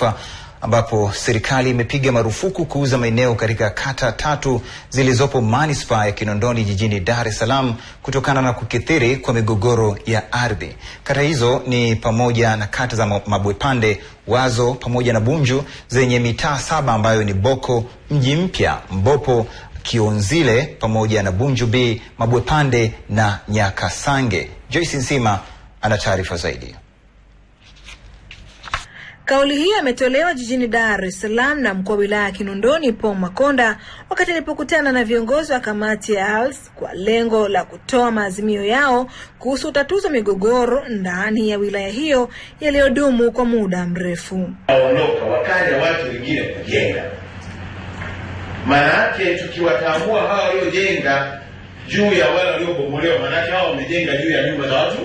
Mataifa ambapo serikali imepiga marufuku kuuza maeneo katika kata tatu zilizopo manispaa ya Kinondoni jijini Dar es Salaam kutokana na kukithiri kwa migogoro ya ardhi. Kata hizo ni pamoja na kata za Mabwepande, Wazo pamoja na Bunju zenye mitaa saba ambayo ni Boko, Mji Mpya, Mbopo, Kionzile pamoja na Bunju B, Mabwepande na Nyakasange. Joyce Nsima ana taarifa zaidi. Kauli hii ametolewa jijini Dar es Salaam na mkuu wa wilaya ya Kinondoni Paul Makonda wakati alipokutana na viongozi wa kamati ya ALS kwa lengo la kutoa maazimio yao kuhusu utatuzi wa migogoro ndani ya wilaya hiyo yaliyodumu kwa muda mrefu. Waondoka wakaja watu wengine kujenga, maana yake tukiwatambua hawa waliojenga juu ya wale waliobomolewa, maana yake hawa wamejenga juu ya nyumba za watu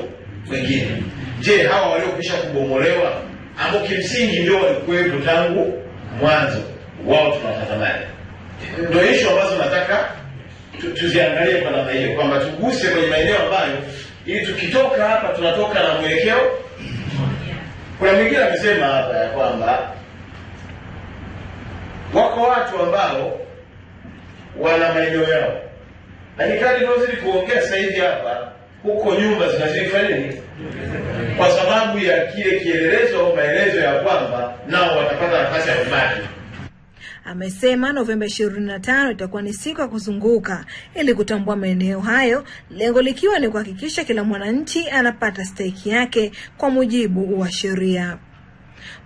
wengine. Je, hawa waliokwisha kubomolewa ambao kimsingi ndio walikuwepo tangu mwanzo wao, tunawatazamani Ndio ishu ambazo nataka tuziangalie kwa namna hiyo, kwamba tuguse kwenye maeneo ambayo ili tukitoka hapa tunatoka na mwelekeo. Kuna mwingine amesema hapa ya kwamba wako watu ambao wana maeneo yao, lakini kadi tunaozidi kuongea hivi hapa huko nyumba zinafanya nini, kwa sababu ya kile kielelezo au maelezo ya kwamba nao watapata nafasi ya umaji. Amesema Novemba 25 itakuwa ni siku ya kuzunguka ili kutambua maeneo hayo, lengo likiwa ni kuhakikisha kila mwananchi anapata stake yake kwa mujibu wa sheria.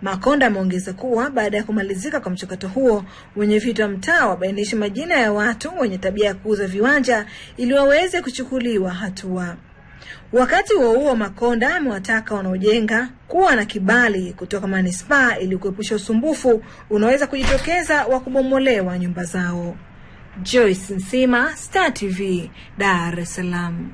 Makonda ameongeza kuwa baada ya kumalizika kwa mchakato huo, wenyeviti wa mtaa wabainishe majina ya watu wenye tabia ya kuuza viwanja ili waweze kuchukuliwa hatua. Wakati huo huo, Makonda amewataka wanaojenga kuwa na kibali kutoka manispaa ili kuepusha usumbufu unaweza kujitokeza wa kubomolewa nyumba zao. Joyce Nsima, Star TV, Dar es Salaam.